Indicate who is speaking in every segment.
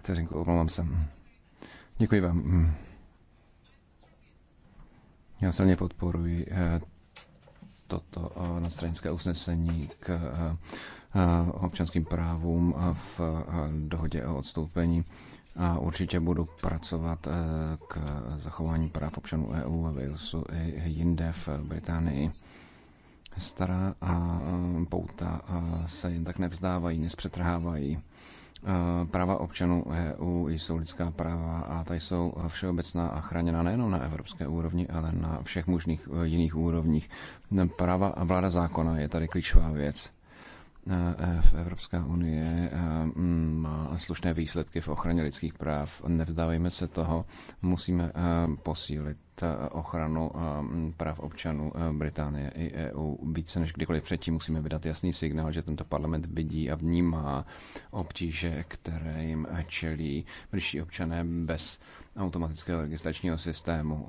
Speaker 1: Vteřinku, omlouvám se. Děkuji vám. Mm. Já silně podporuji eh, toto eh, nadstranické usnesení k eh, občanským právům v dohodě o odstoupení a určitě budu pracovat k zachování práv občanů EU ve Walesu i jinde v Británii. Stará a pouta se jen tak nevzdávají, nespřetrhávají. Eh, práva občanů EU jsou lidská práva a ta jsou všeobecná a chráněna nejenom na evropské úrovni, ale na všech možných eh, jiných úrovních. Práva a vláda zákona je tady klíčová věc. Eh, Evropská unie mm, má slušné výsledky v ochraně lidských práv. Nevzdávejme se toho, musíme posílit Eh, ochranu eh, práv občanů eh, Británie i EU. Více než kdykoliv předtím musíme vydat jasný signál, že tento parlament vidí a vnímá obtíže, které jim čelí bližší občané bez automatického registračního systému.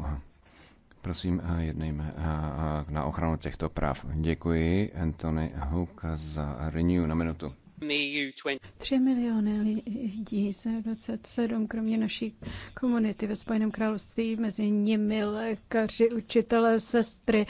Speaker 1: Prosím, jednejme na ochranu těchto práv. Děkuji Anthony Hook za Renew na minutu.
Speaker 2: Tři miliony lidí z 27, kromě naší komunity ve Spojeném království, mezi nimi lékaři, učitelé, sestry,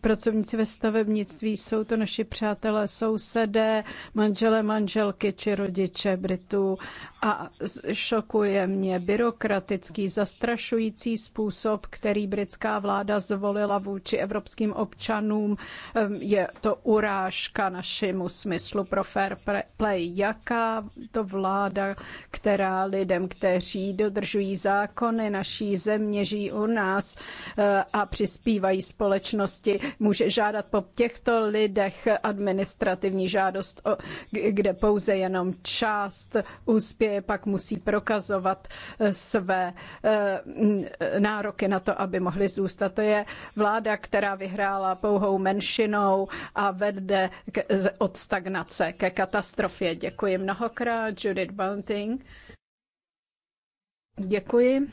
Speaker 2: pracovníci ve stavebnictví, jsou to naši přátelé, sousedé, manželé, manželky či rodiče Britů. A šokuje mě byrokratický, zastrašující způsob, který britská vláda zvolila vůči evropským občanům. Je to urážka našemu smyslu pro fair play. Jaká to vláda, která lidem, kteří dodržují zákony naší země, žijí u nás eh, a přispívají společnosti, může žádat po těchto lidech administrativní žádost, kde pouze jenom část úspěje, pak musí prokazovat eh, své eh, nároky na to, aby mohli zůstat. To je vláda, která vyhrála pouhou menšinou a vede od stagnace reakce ke katastrofě. Děkuji mnohokrát, Judith Bunting. Děkuji.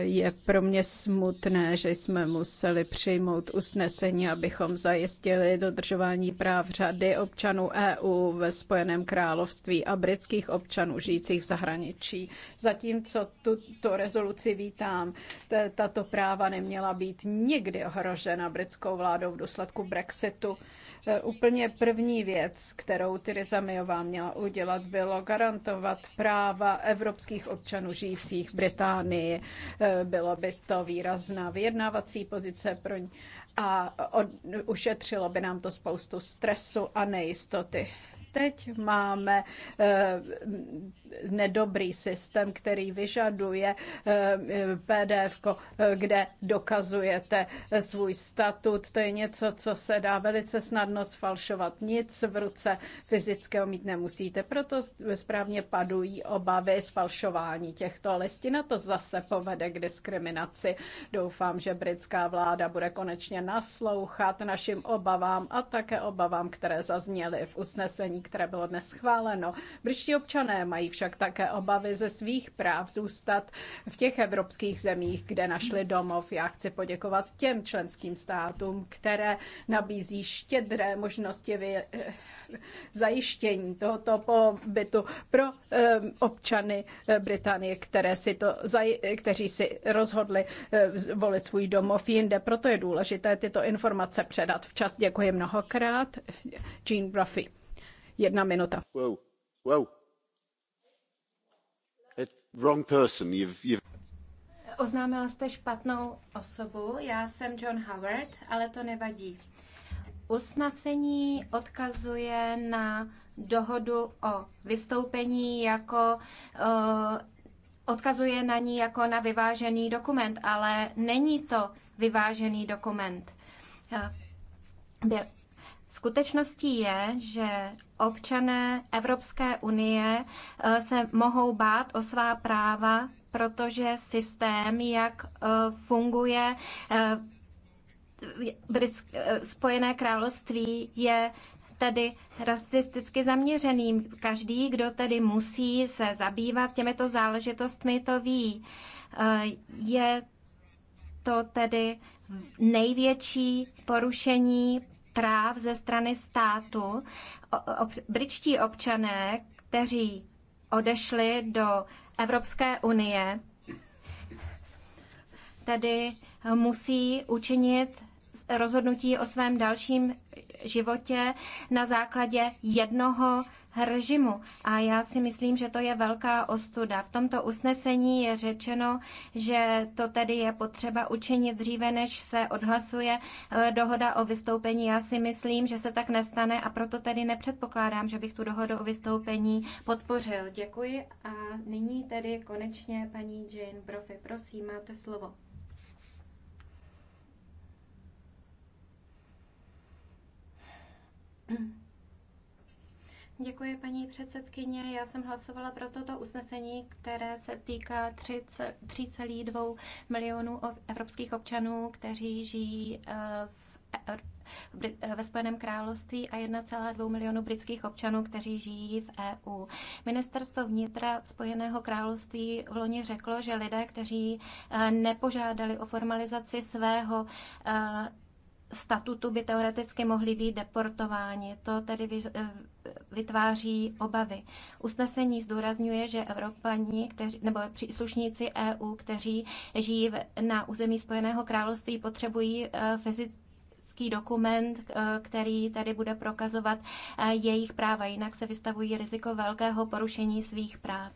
Speaker 2: Je pro mě smutné, že jsme museli přijmout usnesení, abychom zajistili dodržování práv řady občanů EU ve Spojeném království a britských občanů žijících v zahraničí. Zatímco tuto rezoluci vítám, tato práva neměla být nikdy ohrožena britskou vládou v důsledku Brexitu. Eh, úplně první věc, kterou Theresa Mayová měla udělat, bylo garantovat práva evropských občanů žijících v Británii. Eh, bylo by to výrazná vyjednávací pozice pro ní a ušetřilo by nám to spoustu stresu a nejistoty teď máme eh, nedobrý systém, který vyžaduje eh, PDF, eh, kde dokazujete svůj statut. To je něco, co se dá velice snadno sfalšovat. Nic v ruce fyzického mít nemusíte. Proto správně padují obavy sfalšování těchto listin a to zase povede k diskriminaci. Doufám, že britská vláda bude konečně naslouchat našim obavám a také obavám, které zazněly v usnesení které bylo dnes schváleno. Britští občané mají však také obavy ze svých práv zůstat v těch evropských zemích, kde našli domov. Já chci poděkovat těm členským státům, které nabízí štědré možnosti vy... Eh, zajištění tohoto pobytu pro eh, občany eh, Británie, které si to, kteří si rozhodli volit svůj domov jinde. Proto je důležité tyto informace předat včas. Děkuji mnohokrát. Jean Bruffy. Jedna minuta.
Speaker 3: Wow. Wow. Eh, wrong person. You've, you've...
Speaker 4: Oznámila jste špatnou osobu. Já jsem John Howard, ale to nevadí. Usnesení odkazuje na dohodu o vystoupení jako uh, odkazuje na ní jako na vyvážený dokument, ale není to vyvážený dokument. Eh, Skutečností je, že občané Evropské unie eh, se mohou bát o svá práva, protože systém, jak eh, funguje eh, Spojené království, je tedy rasisticky zaměřeným. Každý, kdo tedy musí se zabývat těmito záležitostmi, to ví. Je to tedy největší porušení práv ze strany státu. Ob, britští občané, kteří odešli do Evropské unie, tedy musí učinit rozhodnutí o svém dalším životě na základě jednoho režimu. A já si myslím, že to je velká ostuda. V tomto usnesení je řečeno, že to tedy je potřeba učinit dříve, než se odhlasuje eh, dohoda o vystoupení. Já si myslím, že se tak nestane a proto tedy nepředpokládám, že bych tu dohodu o vystoupení podpořil. Děkuji a nyní tedy konečně paní Jane Brophy. Prosím, máte slovo. Mm. Děkuji, paní předsedkyně. Já jsem hlasovala pro toto usnesení, které se týká 3,2 milionů evropských občanů, kteří žijí eh, v e- eh, ve Spojeném království a 1,2 milionu britských občanů, kteří žijí v EU. Ministerstvo vnitra Spojeného království v loni řeklo, že lidé, kteří eh, nepožádali o formalizaci svého statutu by teoreticky mohli být deportováni. To tedy eh, vytváří obavy. Usnesení zdůrazňuje, že Evropani, kteří, nebo příslušníci EU, kteří žijí na území Spojeného království, potřebují eh, fyzický dokument, eh, který tady bude prokazovat jejich práva, jinak se vystavují riziko velkého porušení svých práv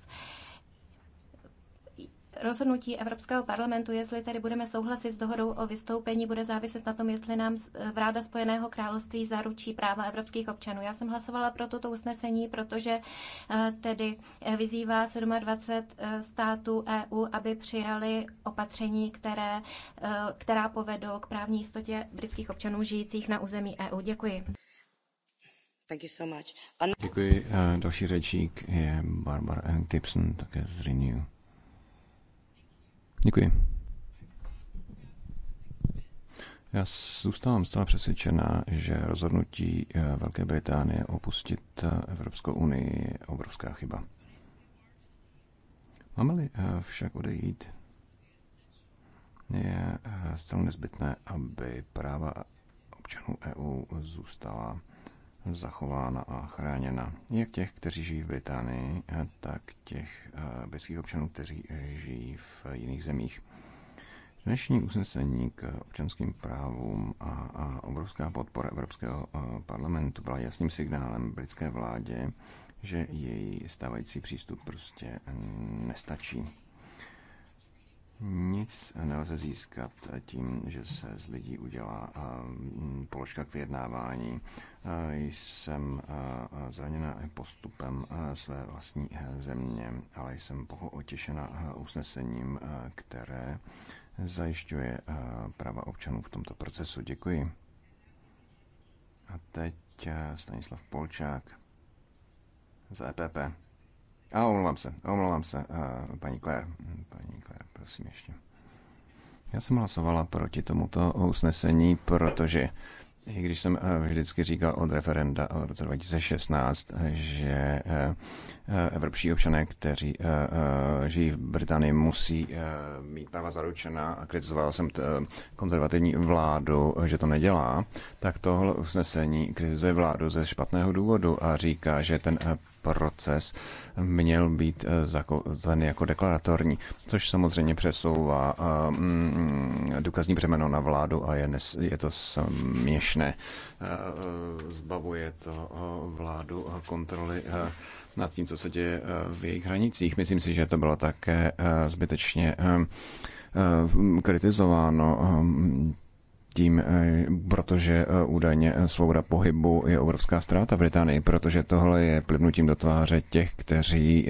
Speaker 4: rozhodnutí Evropského parlamentu, jestli tedy budeme souhlasit s dohodou o vystoupení, bude záviset na tom, jestli nám eh, vláda Spojeného království zaručí práva evropských občanů. Já jsem hlasovala pro toto usnesení, protože eh, tedy eh, vyzývá 27 států EU, aby přijali opatření, které, která povedou k právní jistotě britských občanů žijících na území EU. Děkuji. Thank you so much.
Speaker 1: Děkuji. Další řečník je Barbara Ann Gibson, také z Renew. Děkuji. Já zůstávám zcela přesvědčená, že rozhodnutí eh, Velké Británie opustit eh, Evropskou unii je obrovská chyba. Máme-li eh, však odejít, je zcela nezbytné, aby práva občanů EU zůstala zachována a chráněna. Jak těch, kteří žijí v Británii, tak těch eh, britských občanů, kteří žijí v jiných zemích. Dnešní usnesení k občanským právům a, a obrovská podpora Evropského eh, parlamentu byla jasným signálem britské vládě, že její stávající přístup prostě nestačí. Nic nelze získat tím, že se z lidí udělá eh, mm, položka k vyjednávání. Eh, jsem eh, zraněna postupem své vlastní země, ale jsem otěšena usnesením, které zajišťuje práva občanů v tomto procesu. Děkuji. A teď Stanislav Polčák za EPP. A omlouvám se, omlouvám se, uh, paní Claire. Hm, paní Claire, prosím ještě. Já jsem hlasovala proti tomuto usnesení, protože i když jsem eh, vždycky říkal od referenda v roce 2016, že eh, eh, evropští občané, kteří žijí v Británii, musí mít práva zaručena a kritizoval jsem konzervativní vládu, že to nedělá, tak tohle usnesení kritizuje vládu ze špatného důvodu a říká, že ten proces měl být eh, zakotven jako deklaratorní, což samozřejmě přesouvá eh, mm, důkazní břemeno na vládu a je, nes, je to směšné. Eh, zbavuje to vládu a kontroly nad tím, co se děje v jejich hranicích. Myslím si, že to bylo také zbytečně kritizováno tím, eh, protože eh, údajně eh, svoboda pohybu je obrovská ztráta v Británii, protože tohle je plivnutím do tváře těch, kteří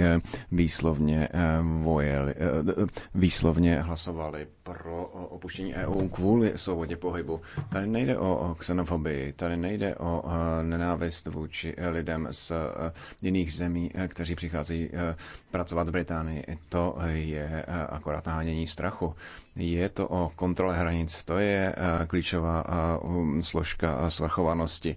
Speaker 1: výslovně, vojeli, výslovně hlasovali pro opuštění EU kvůli svobodě pohybu. Tady nejde o xenofobii, tady nejde o nenávist vůči lidem z e, jiných zemí, e, kteří přicházejí e, pracovat v Británii. To je akorát nahánění strachu. Je to o kontrole hranic, to je klíčová složka svrchovanosti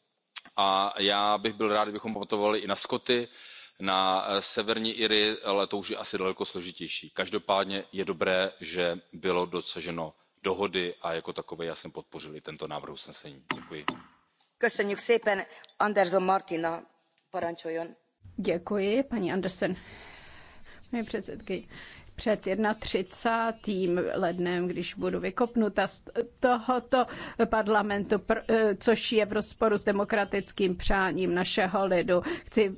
Speaker 5: a já bych byl rád kdybychom pamatovali i na skoty na eh, severní iry ale to už je asi daleko složitější. každopádně je dobré že bylo dosaženo dohody a jako takové já jsem podpořil i tento návrh usnesení. děkuji.
Speaker 2: Děkuji, paní Anderson před 31. lednem, když budu vykopnuta z tohoto parlamentu, eh, což je v rozporu s demokratickým přáním našeho lidu. Chci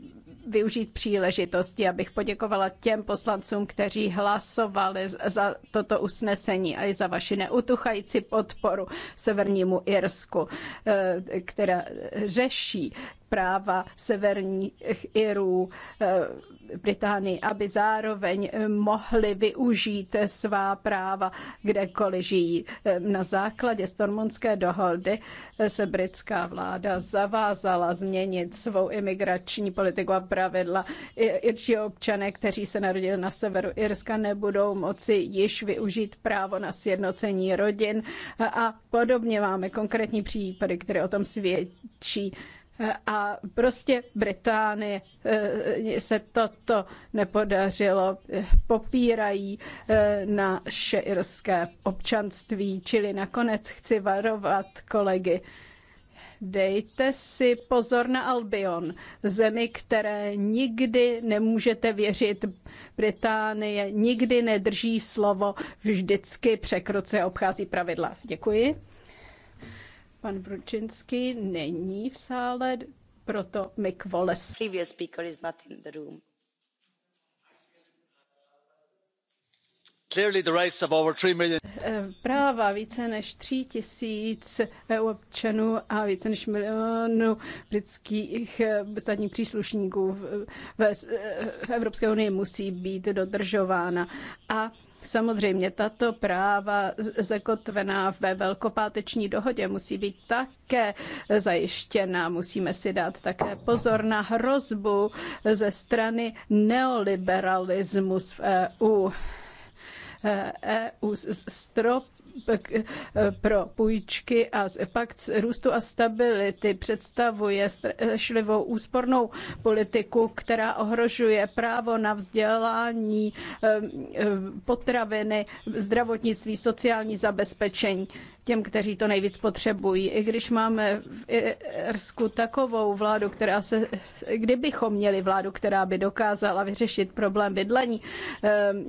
Speaker 2: využít příležitosti, abych poděkovala těm poslancům, kteří hlasovali za toto usnesení a i za vaši neutuchající podporu Severnímu Irsku, eh, která řeší práva severních Irů eh, Británii, aby zároveň mohli využít svá práva kdekoliv žijí. Eh, na základě Stormonské dohody se britská vláda zavázala změnit svou imigrační politiku a pravidla. Irčí občané, kteří se narodili na severu Irska, nebudou moci již využít právo na sjednocení rodin a podobně máme konkrétní případy, které o tom svědčí. A prostě Británii eh, se toto nepodařilo. Popírají eh, naše irské občanství, čili nakonec chci varovat kolegy. Dejte si pozor na Albion, zemi, které nikdy nemůžete věřit. Británie nikdy nedrží slovo, vždycky překruce obchází pravidla. Děkuji. Pan Bručinský není v sále, proto Mick Wallace. Previous speaker is not in the room. Eh, práva více než tří tisíc občanů a více než milionu britských eh, státních příslušníků eh, v Evropské unii musí být dodržována. A Samozřejmě tato práva zakotvená ve velkopáteční dohodě musí být také zajištěna. Musíme si dát také pozor na hrozbu ze strany neoliberalismus v EU. EU e strop Eh, pro půjčky a pakt růstu a stability představuje strašlivou úspornou politiku, která ohrožuje právo na vzdělání, eh, eh, potraviny, zdravotnictví, sociální zabezpečení těm, kteří to nejvíc potřebují. I když máme v Irsku takovou vládu, která se, kdybychom měli vládu, která by dokázala vyřešit problém bydlení, ehm,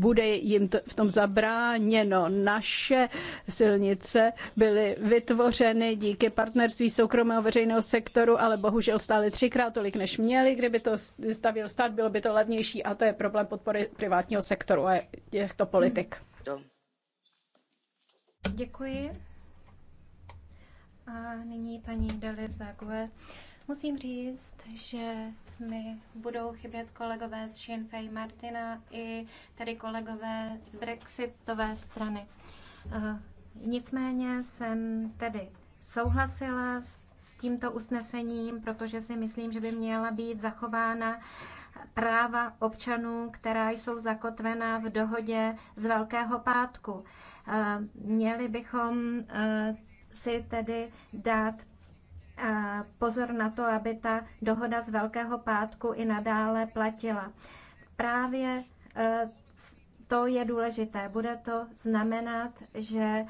Speaker 2: bude jim to, v tom zabráněno. Naše silnice byly vytvořeny díky partnerství soukromého veřejného sektoru, ale bohužel stály třikrát tolik, než měli. Kdyby to stavil stát, bylo by to levnější a to je problém podpory privátního sektoru a těchto politik. Hmm. Děkuji.
Speaker 4: A nyní paní Deli Zague. Musím říct, že mi budou chybět kolegové z Sinn Féin Martina i tady kolegové z Brexitové strany. Nicméně jsem tedy souhlasila s tímto usnesením, protože si myslím, že by měla být zachována práva občanů, která jsou zakotvena v dohodě z Velkého pátku. Měli bychom e, si tedy dát e, pozor na to, aby ta dohoda z Velkého pátku i nadále platila. Právě e, to je důležité. Bude to znamenat, že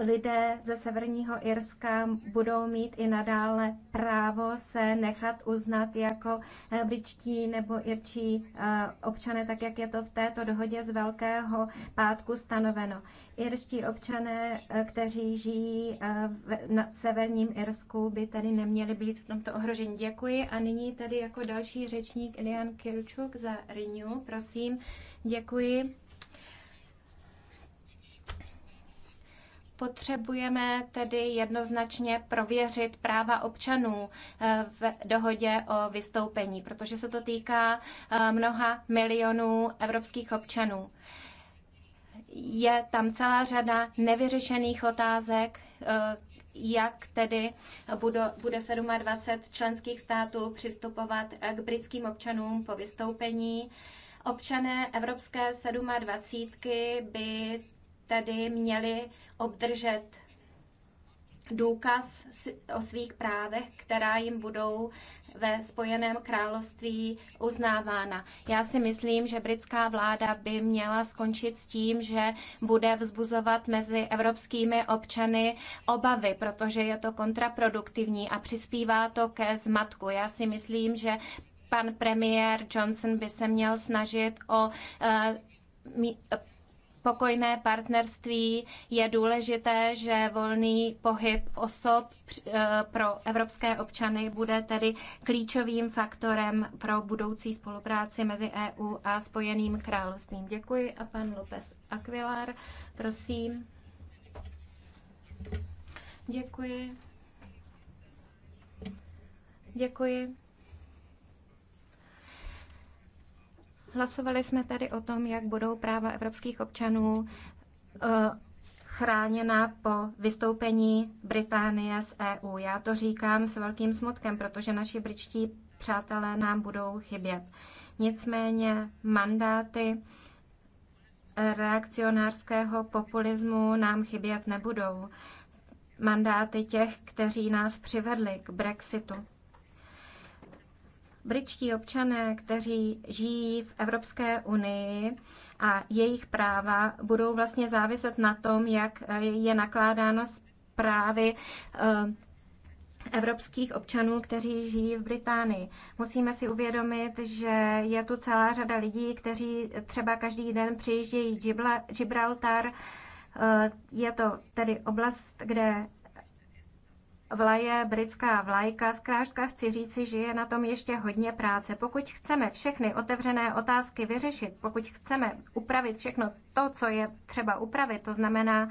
Speaker 4: lidé ze Severního Irska budou mít i nadále právo se nechat uznat jako eh, britští nebo irčí eh, občané, tak jak je to v této dohodě z Velkého pátku stanoveno. Irští občané, eh, kteří žijí na severním Irsku, by tedy neměli být v tomto ohrožení. Děkuji. A nyní tedy jako další řečník Ilian Kirčuk za Renew. Prosím, děkuji. Potřebujeme tedy jednoznačně prověřit práva občanů eh, v dohodě o vystoupení, protože se to týká eh, mnoha milionů evropských občanů. Je tam celá řada nevyřešených otázek, eh, jak tedy bude 27 členských států přistupovat k britským občanům po vystoupení. Občané Evropské 27 by tedy měli obdržet důkaz o svých právech, která jim budou ve Spojeném království uznávána. Já si myslím, že britská vláda by měla skončit s tím, že bude vzbuzovat mezi evropskými občany obavy, protože je to kontraproduktivní a přispívá to ke zmatku. Já si myslím, že pan premiér Johnson by se měl snažit o eh, pokojné partnerství je důležité, že volný pohyb osob eh, pro evropské občany bude tedy klíčovým faktorem pro budoucí spolupráci mezi EU a Spojeným královstvím. Děkuji a pan López Aquilar, prosím. Děkuji. Děkuji. Hlasovali jsme tady o tom, jak budou práva evropských občanů eh, chráněna po vystoupení Británie z EU. Já to říkám s velkým smutkem, protože naši britští přátelé nám budou chybět. Nicméně mandáty eh, reakcionářského populismu nám chybět nebudou. Mandáty těch, kteří nás přivedli k Brexitu britští občané, kteří žijí v Evropské unii a jejich práva budou vlastně záviset na tom, jak eh, je nakládáno s právy eh, evropských občanů, kteří žijí v Británii. Musíme si uvědomit, že je tu celá řada lidí, kteří třeba každý den přijíždějí Gibraltar. Eh, je to tedy oblast, kde vlaje, britská vlajka. Zkrážka chci říci, že je na tom ještě hodně práce. Pokud chceme všechny otevřené otázky vyřešit, pokud chceme upravit všechno to, co je třeba upravit, to znamená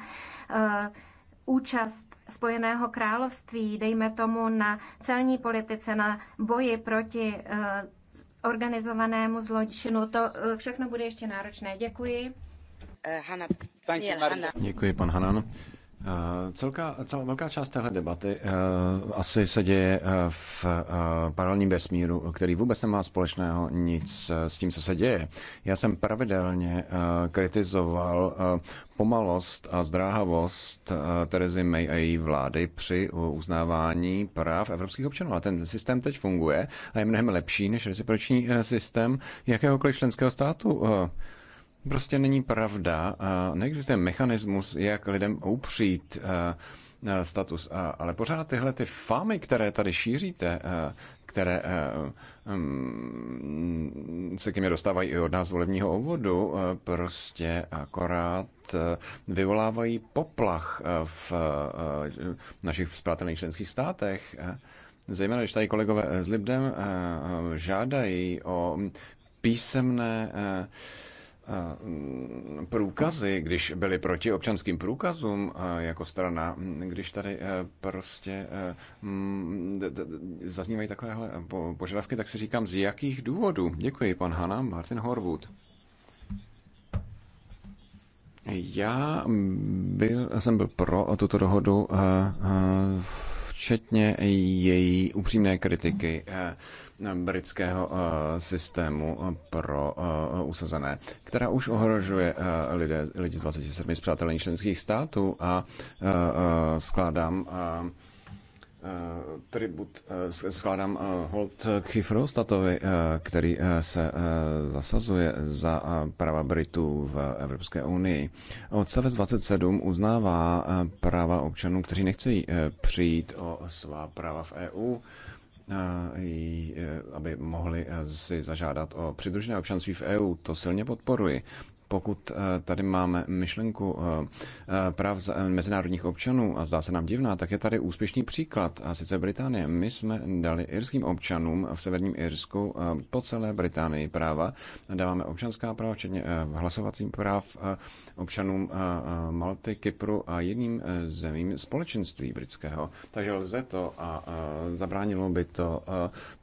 Speaker 4: uh, účast Spojeného království, dejme tomu na celní politice, na boji proti uh, organizovanému zločinu, to uh, všechno bude ještě náročné. Děkuji.
Speaker 5: Hanna.
Speaker 1: Děkuji, pan Hanan. Eh, Celka, celá velká část téhle debaty uh, asi se děje eh, v uh, paralelním vesmíru, který vůbec nemá společného nic s tím, co se děje. Já jsem pravidelně uh, kritizoval uh, pomalost a zdráhavost uh, Terezy May a její vlády při uh, uznávání práv evropských občanů. A ten systém teď funguje a je mnohem lepší než reciproční uh, systém jakéhokoliv členského státu. Uh, prostě není pravda. Neexistuje mechanismus, jak lidem upřít eh, eh, status. Ale pořád tyhle ty famy, které tady šíříte, eh, které mm, se k mě dostávají i od nás volebního obvodu, prostě akorát vyvolávají poplach v našich zprátelných členských státech. Zejména, když tady kolegové s Libdem žádají o písemné Eh, průkazy, když byli proti občanským průkazům eh, jako strana, hm, když tady eh, prostě hm, zaznívají takovéhle požadavky, tak si říkám, z jakých důvodů? Děkuji, pan Hanna, Martin Horwood. Já byl, jsem byl pro tuto dohodu včetně její upřímné kritiky britského eh, systému eh, pro eh, usazené, která už ohrožuje lidé, lidi z 27 zpřátelení členských států a skládám tribut, skládám hold Chyfrostatovi, který se zasazuje za práva Britů v Evropské unii. Odstavec 27 uznává práva občanů, kteří nechcejí přijít o svá práva v EU Eh, eh, aby mohli eh, si zažádat o přidružené občanství v EU. To silně podporuji pokud eh, tady máme myšlenku eh, eh, práv mezinárodních občanů a zdá se nám divná, tak je tady úspěšný příklad, a sice Británie. My jsme dali irským občanům v severním Irsku po celé Británii práva. Dáváme občanská práva, včetně hlasovacím práv občanům Malty, Kypru a jiným zemím společenství britského. Takže lze to a zabránilo by to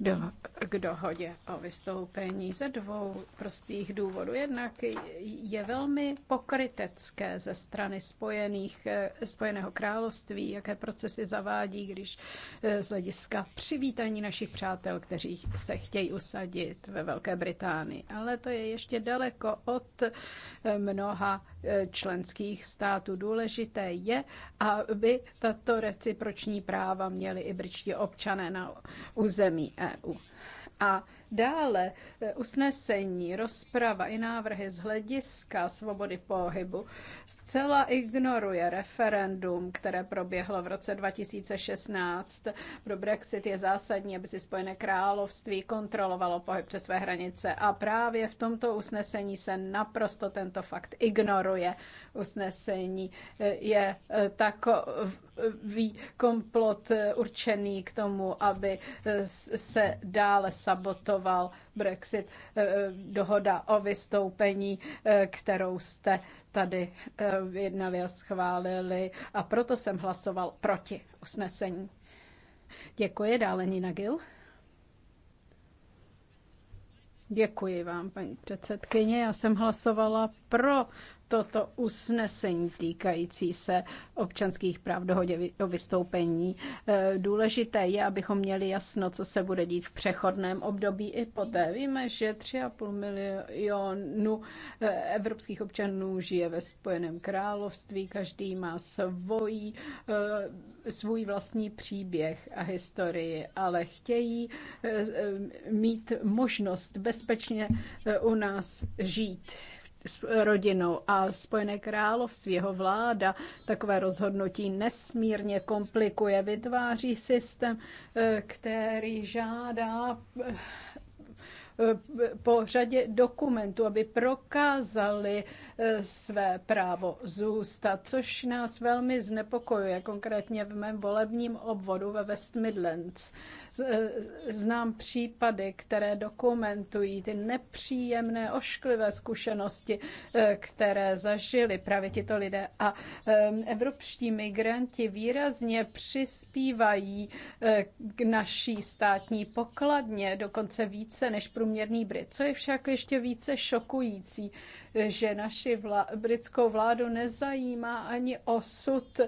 Speaker 2: do, k dohodě o vystoupení ze dvou prostých důvodů. Jednak je velmi pokrytecké ze strany spojených, Spojeného království, jaké procesy zavádí, když eh, z hlediska přivítání našich přátel, kteří se chtějí usadit ve Velké Británii. Ale to je ještě daleko od eh, mnoha E, členských států. Důležité je, aby tato reciproční práva měli i britští občané na území EU. A Dále eh, usnesení, rozprava i návrhy z hlediska svobody pohybu zcela ignoruje referendum, které proběhlo v roce 2016. Pro Brexit je zásadní, aby si Spojené království kontrolovalo pohyb přes své hranice a právě v tomto usnesení se naprosto tento fakt ignoruje. Usnesení eh, je eh, takový komplot určený k tomu, aby se dále sabotovalo vetoval Brexit, eh, eh, dohoda o vystoupení, eh, kterou jste tady jednali a schválili a proto jsem hlasoval proti usnesení. Děkuji, dále Nina Gil. Děkuji vám, paní předsedkyně. Já jsem hlasovala pro toto usnesení týkající se občanských práv dohodě o vystoupení. Eh, důležité je, abychom měli jasno, co se bude dít v přechodném období i poté. Víme, že 3,5 milionu eh, evropských občanů žije ve Spojeném království, každý má svůj eh, svůj vlastní příběh a historii, ale chtějí mít možnost bezpečně u nás žít rodinou a Spojené království, jeho vláda takové rozhodnutí nesmírně komplikuje, vytváří systém, eh, který žádá eh, po řadě dokumentů, aby prokázali eh, své právo zůstat, což nás velmi znepokojuje, konkrétně v mém volebním obvodu ve West Midlands. Eh, znám případy, které dokumentují ty nepříjemné, ošklivé zkušenosti, eh, které zažili právě tito lidé. A eh, evropští migranti výrazně přispívají k naší státní pokladně, dokonce více než průměrný Brit. Co je však ještě více šokující, že naši vla- britskou vládu nezajímá ani osud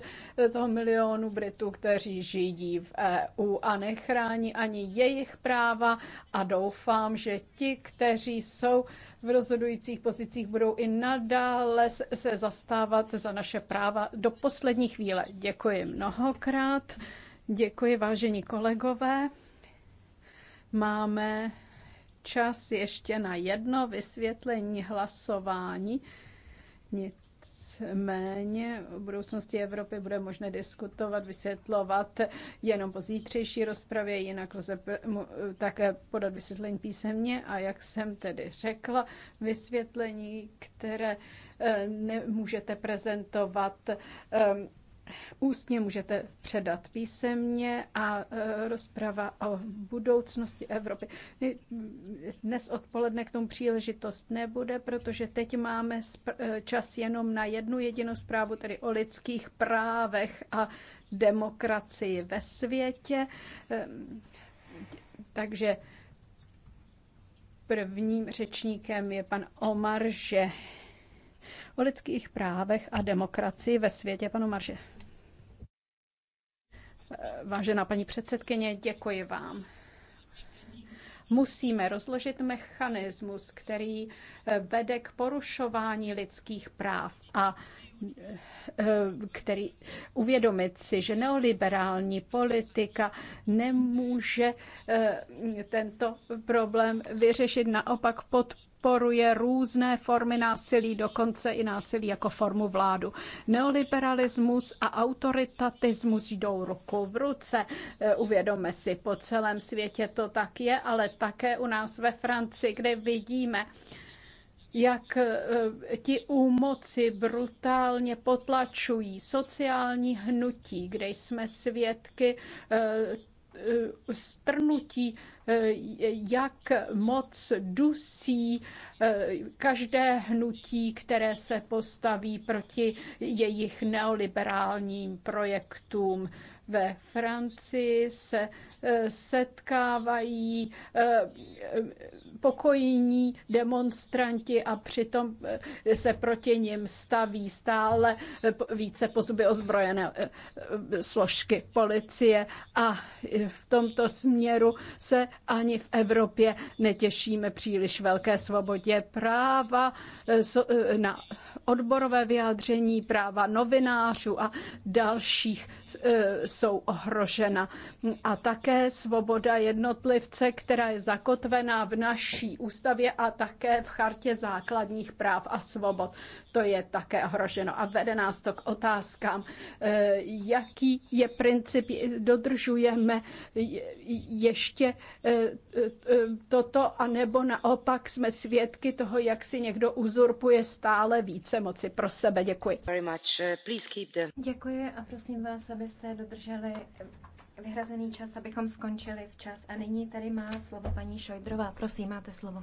Speaker 2: toho milionu Britů, kteří žijí v EU a nechrání porušováni ani jejich práva a doufám, že ti, kteří jsou v rozhodujících pozicích, budou i nadále se zastávat za naše práva do poslední chvíle. Děkuji mnohokrát, děkuji vážení kolegové. Máme čas ještě na jedno vysvětlení hlasování. Nic Nicméně o budoucnosti Evropy bude možné diskutovat, vysvětlovat jenom po zítřejší rozpravě, jinak lze také podat vysvětlení písemně a jak jsem tedy řekla, vysvětlení, které eh, nemůžete prezentovat eh, ústně, můžete předat písemně a e, rozprava o budoucnosti Evropy. Dnes odpoledne k tomu příležitost nebude, protože teď máme e, čas jenom na jednu jedinou zprávu, tedy o lidských právech a demokracii ve světě. E, takže prvním řečníkem je pan Omar Že o lidských právech a demokracii ve světě. Panu Marže. Vážená paní předsedkyně, děkuji vám. Musíme rozložit mechanismus, který eh, vede k porušování lidských práv a eh, který uvědomit si, že neoliberální politika nemůže eh, tento problém vyřešit, naopak podporovat podporuje různé formy násilí, dokonce i násilí jako formu vládu. Neoliberalismus a autoritatismus jdou ruku v ruce. E, uvědomme si, po celém světě to tak je, ale také u nás ve Francii, kde vidíme, jak e, ti úmoci brutálně potlačují sociální hnutí, kde jsme svědky e, Eh, strnutí, eh, jak moc dusí eh, každé hnutí, které se postaví proti jejich neoliberálním projektům ve Francii se eh, setkávají eh, pokojní demonstranti a přitom eh, se proti nim staví stále více pozuby ozbrojené složky policie a v tomto směru se ani v Evropě netěšíme příliš velké svobodě práva na odborové vyjádření, práva novinářů a dalších e, jsou ohrožena. A také svoboda jednotlivce, která je zakotvená v naší ústavě a také v chartě základních práv a svobod. To je také ohroženo. A vede nás to k otázkám, e, jaký je princip, dodržujeme ještě e, toto, anebo naopak jsme svědky toho, jak si někdo uzurpuje stále více moci pro sebe. Děkuji.
Speaker 4: Děkuji a prosím vás, abyste dodrželi vyhrazený čas, abychom skončili včas. A nyní tady má slovo paní Šojdrová. Prosím, máte slovo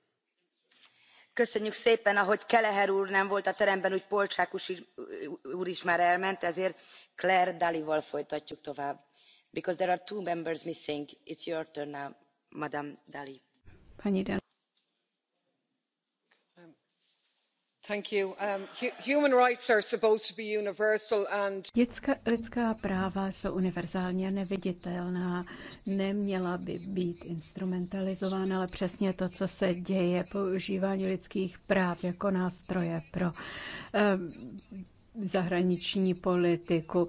Speaker 6: köszönjük szépen ahogy kelleher úr nem volt a
Speaker 7: teremben úgy polk úr is már elment ezért claire dallival folytatjuk tovább. because there are two members missing it's your turn now madam dalli.
Speaker 3: Um,
Speaker 2: Dětská, lidská práva jsou univerzální a neviditelná. Neměla by být instrumentalizována, ale přesně to, co se děje, používání lidských práv jako nástroje pro zahraniční politiku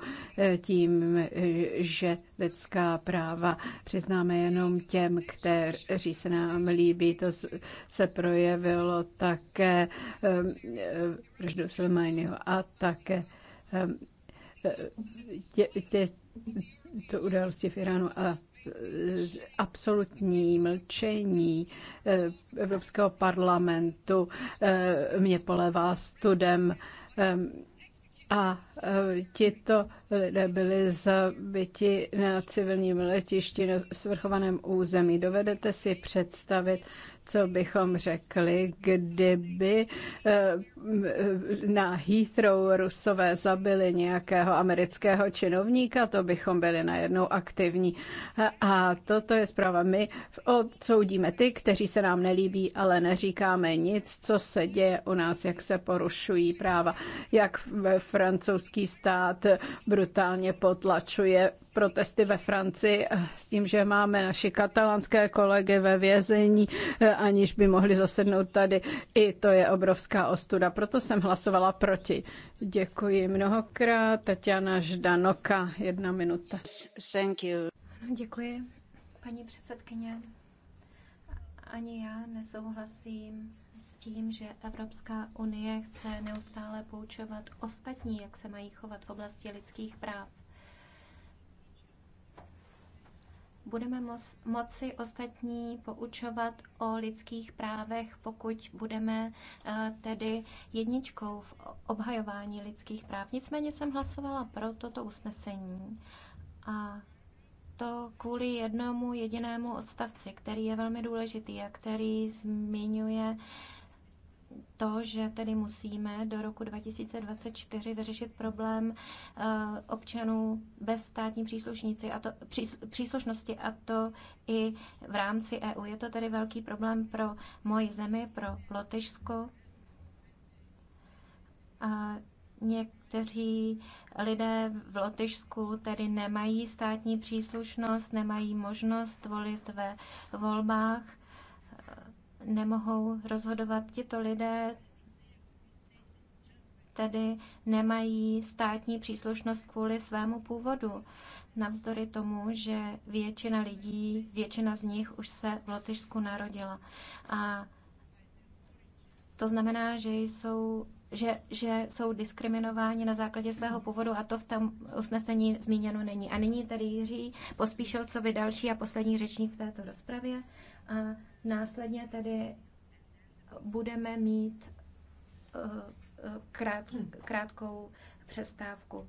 Speaker 2: tím, že lidská práva přiznáme jenom těm, kteří se nám líbí. To se projevilo také ehm, ehm, vraždu Silmányho a také ehm, tě, tě, to události v Iránu a absolutní mlčení Evropského parlamentu mě polevá studem a e, tito lidé byli zabiti na civilním letišti na svrchovaném území. Dovedete si představit, co bychom řekli, kdyby eh, na Heathrow Rusové zabili nějakého amerického činovníka, to bychom byli najednou aktivní. A toto je zpráva. My odsoudíme ty, kteří se nám nelíbí, ale neříkáme nic, co se děje u nás, jak se porušují práva, jak francouzský stát, brus brutálně potlačuje protesty ve Francii s tím, že máme naši katalánské kolegy ve vězení, aniž by mohli zasednout tady. I to je obrovská ostuda. Proto jsem hlasovala proti. Děkuji mnohokrát. Tatiana Ždanoka, jedna minuta. Thank you.
Speaker 4: Děkuji, paní předsedkyně. Ani já nesouhlasím s tím, že Evropská unie chce neustále poučovat ostatní, jak se mají chovat v oblasti lidských práv. budeme moci ostatní poučovat o lidských právech, pokud budeme eh, tedy jedničkou v obhajování lidských práv. Nicméně jsem hlasovala pro toto usnesení a to kvůli jednomu jedinému odstavci, který je velmi důležitý a který zmiňuje to, že tedy musíme do roku 2024 vyřešit problém eh, občanů bez státní příslušníci a to, příslušnosti a to i v rámci EU. Je to tedy velký problém pro moji zemi, pro Lotyšsko. A něk- Někteří lidé v Lotyšsku tedy nemají státní příslušnost, nemají možnost volit ve volbách, nemohou rozhodovat tito lidé, tedy nemají státní příslušnost kvůli svému původu. Navzdory tomu, že většina lidí, většina z nich už se v Lotyšsku narodila. A to znamená, že jsou že, že jsou diskriminováni na základě svého původu a to v tom usnesení zmíněno není. A nyní tady Jiří pospíšil, co by další a poslední řečník v této rozpravě a následně tedy budeme mít eh, eh, krát, krátkou přestávku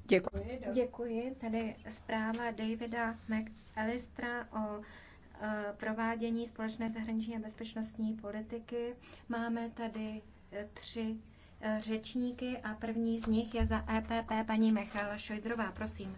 Speaker 4: Děkuji. Děkuji. Tady zpráva Davida McAllistera o e, provádění společné zahraniční a bezpečnostní politiky. Máme tady e, tři e, řečníky a první z nich je za EPP paní Michála Šojdrová. Prosím.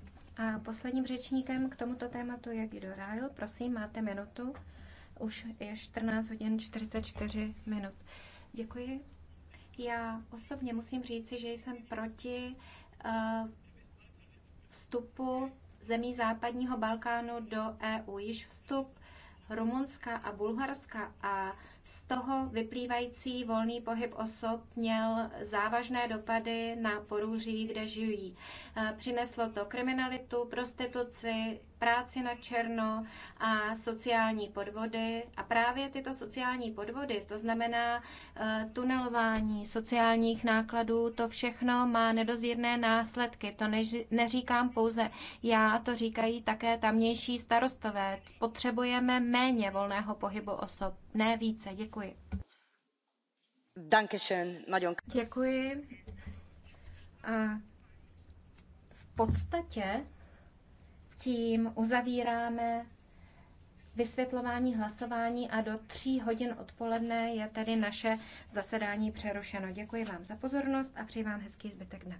Speaker 4: A posledním řečníkem k tomuto tématu je Guido Ryle. Prosím, máte minutu. Už je 14 hodin 44 minut. Děkuji. Já osobně musím říci, že jsem proti uh, vstupu zemí západního Balkánu do EU. Již vstup Rumunska a Bulharska a z toho vyplývající volný pohyb osob měl závažné dopady na porůří, kde žijí. Eh, přineslo to kriminalitu, prostituci, práci na černo a sociální podvody. A právě tyto sociální podvody, to znamená eh, tunelování sociálních nákladů, to všechno má nedozírné následky. To neříkám pouze já, to říkají také tamnější starostové. Potřebujeme méně volného pohybu osob ne více. Děkuji. Děkuji. A v podstatě tím uzavíráme vysvětlování hlasování a do tří hodin odpoledne je tedy naše zasedání přerušeno. Děkuji vám za pozornost a přeji vám hezký zbytek dne.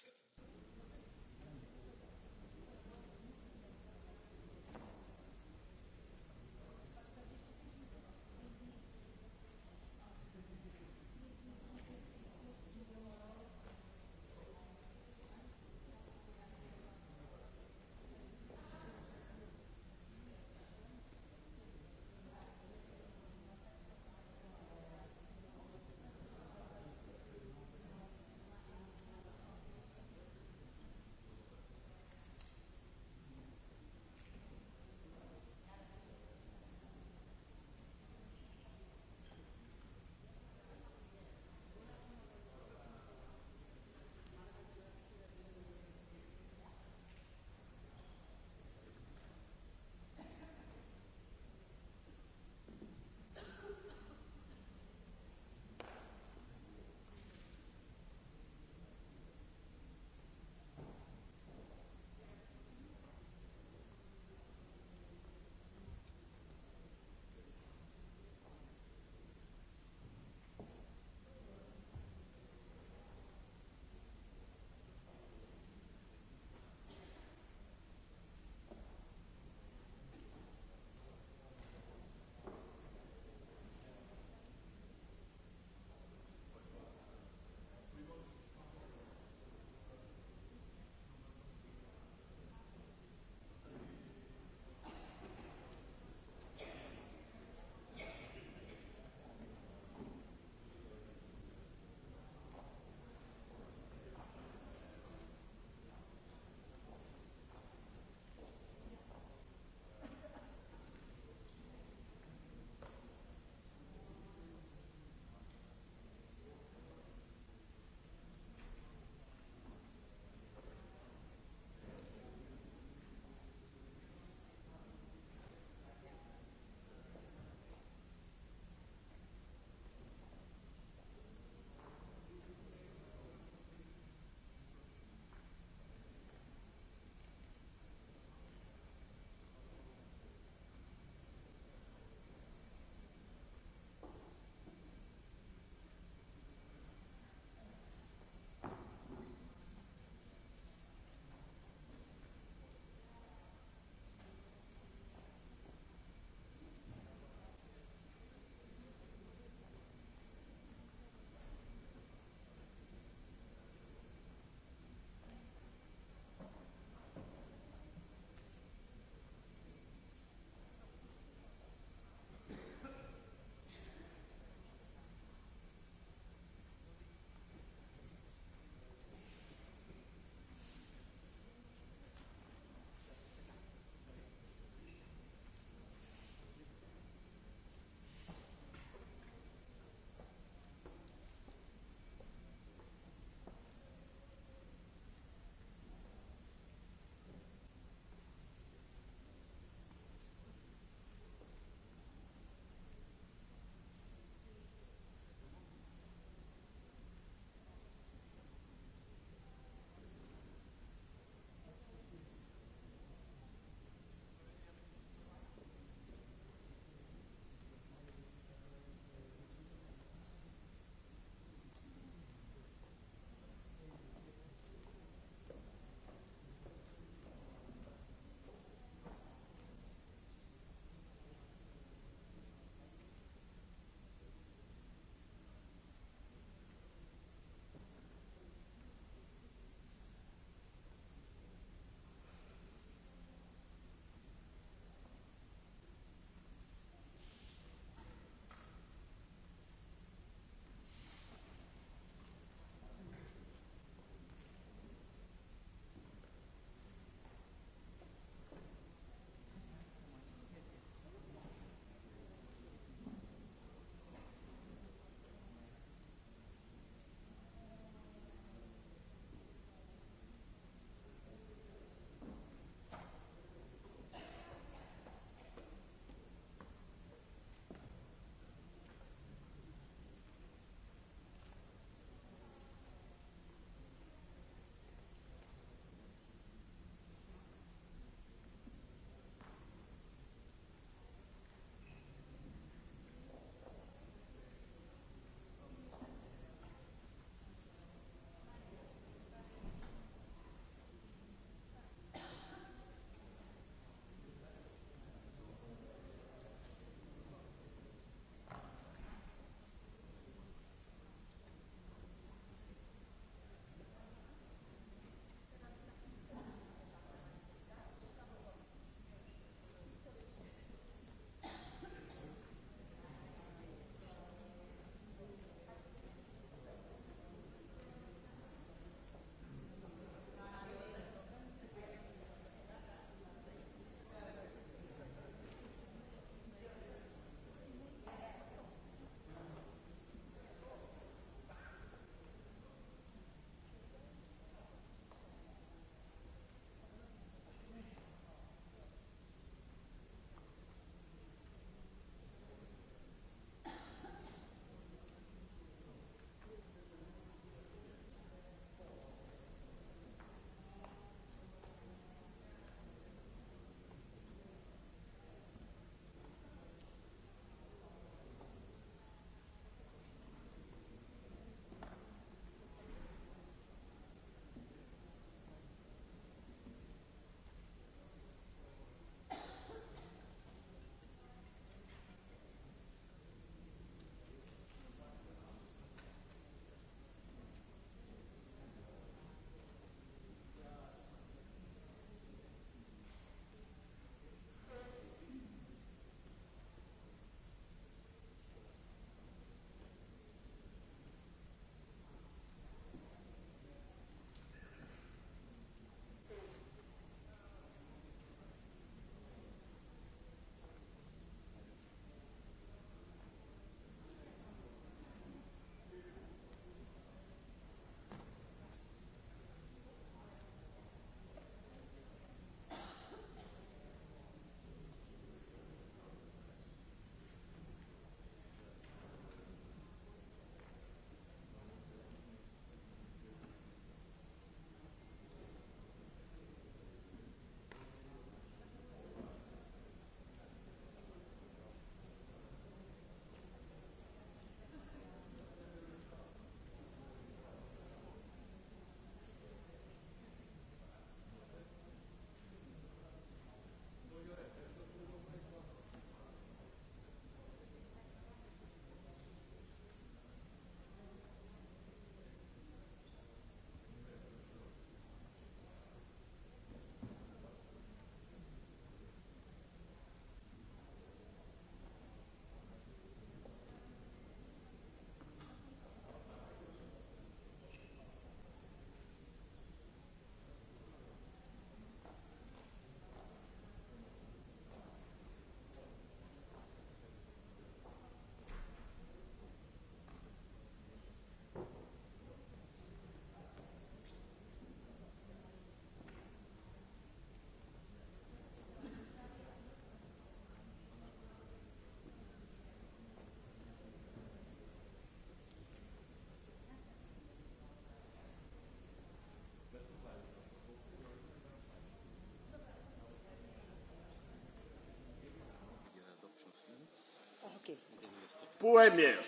Speaker 3: puhemies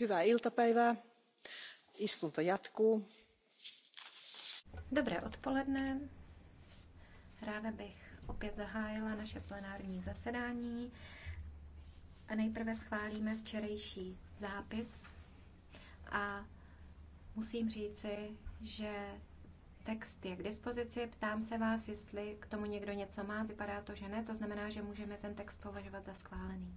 Speaker 3: hyvää iltapäivää istunto jatkuu.
Speaker 4: Dobré odpoledne. Ráda bych opět zahájila naše plenární zasedání a nejprve schválíme včerejší zápis a musím říci, že text je k dispozici. Ptám se vás, jestli k tomu někdo něco má. Vypadá to, že ne. To znamená, že můžeme ten text považovat za schválený.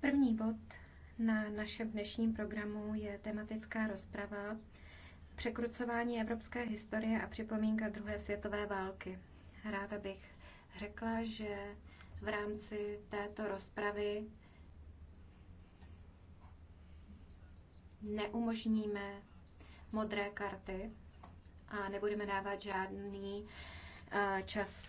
Speaker 4: První bod na našem dnešním programu je tematická rozprava Překrucování evropské historie a připomínka druhé světové války. Ráda bych řekla, že v rámci této rozpravy neumožníme modré karty a nebudeme dávat žádný eh, čas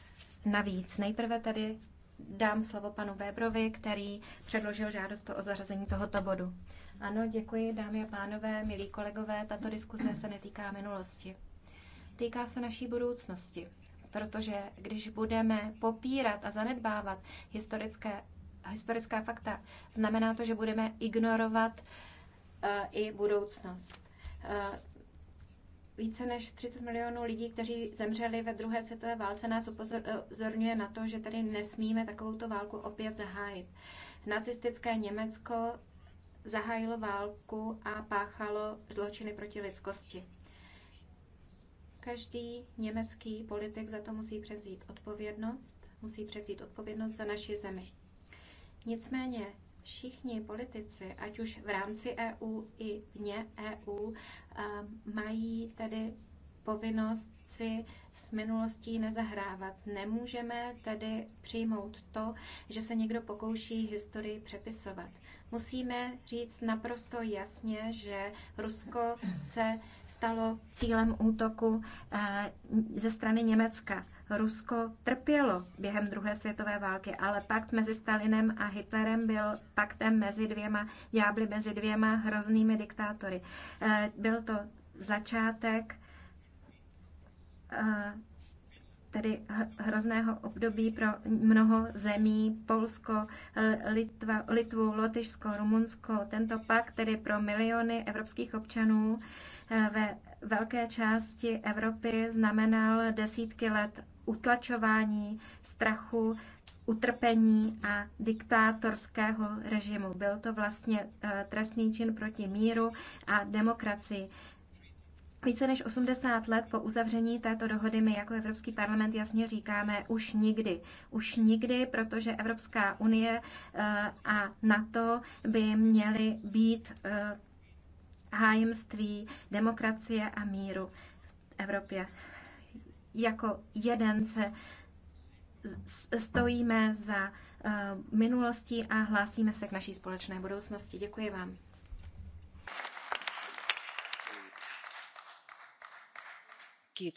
Speaker 4: navíc. Nejprve tady dám slovo panu Bébrovi, který předložil žádost o zařazení tohoto bodu. Ano, děkuji, dámy a pánové, milí kolegové. Tato diskuze se netýká minulosti. Týká se naší budoucnosti protože když budeme popírat a zanedbávat historické, historická fakta, znamená to, že budeme ignorovat uh, i budoucnost. Uh, více než 30 milionů lidí, kteří zemřeli ve druhé světové válce, nás eh, upozorňuje na to, že tady nesmíme takovouto válku opět zahájit. Nacistické Německo zahájilo válku a páchalo zločiny proti lidskosti. Každý německý politik za to musí převzít odpovědnost, musí převzít odpovědnost za naši zemi. Nicméně všichni politici, ať už v rámci EU i vně EU, eh, mají tedy povinnost si s minulostí nezahrávat. Nemůžeme tedy přijmout to, že se někdo pokouší historii přepisovat. Musíme říct naprosto jasně, že Rusko se stalo cílem útoku eh, ze strany Německa. Rusko trpělo během druhé světové války, ale pakt mezi Stalinem a Hitlerem byl paktem mezi dvěma ďábly, mezi dvěma hroznými diktátory. Eh, byl to začátek eh, tedy hrozného období pro mnoho zemí, Polsko, Litva, Litvu, Lotyšsko, Rumunsko. Tento pak tedy pro miliony evropských občanů eh, ve velké části Evropy znamenal desítky let utlačování, strachu, utrpení a diktátorského režimu. Byl to vlastně eh, trestný čin proti míru a demokracii. Více než 80 let po uzavření této dohody my jako Evropský parlament jasně říkáme už nikdy. Už nikdy, protože Evropská unie eh, a NATO by měly být eh, hájemství demokracie a míru v Evropě. Jako jeden se stojíme za eh, minulostí a hlásíme se k naší společné budoucnosti. Děkuji vám. Děkuji,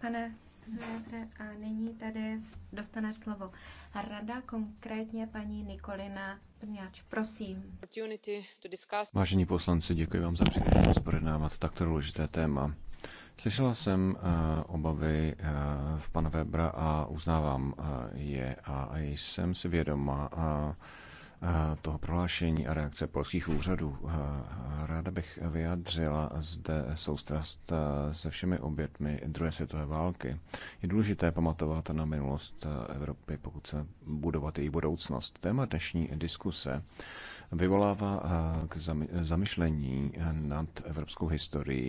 Speaker 4: pane Weber, A nyní tedy dostane slovo rada, konkrétně paní Nikolina Prňáč.
Speaker 2: Prosím. Vážení
Speaker 1: poslanci, děkuji vám za příležitost projednávat takto důležité téma. Slyšela jsem eh, obavy eh, v pana Webra a uznávám eh, je a jsem si vědoma Eh, toho prohlášení a reakce polských úřadů. Eh, ráda bych vyjádřila zde soustrast eh, se všemi obětmi druhé světové války. Je důležité pamatovat na minulost Evropy, pokud se budovat její budoucnost. Téma dnešní diskuse vyvolává k zamyšlení nad evropskou historií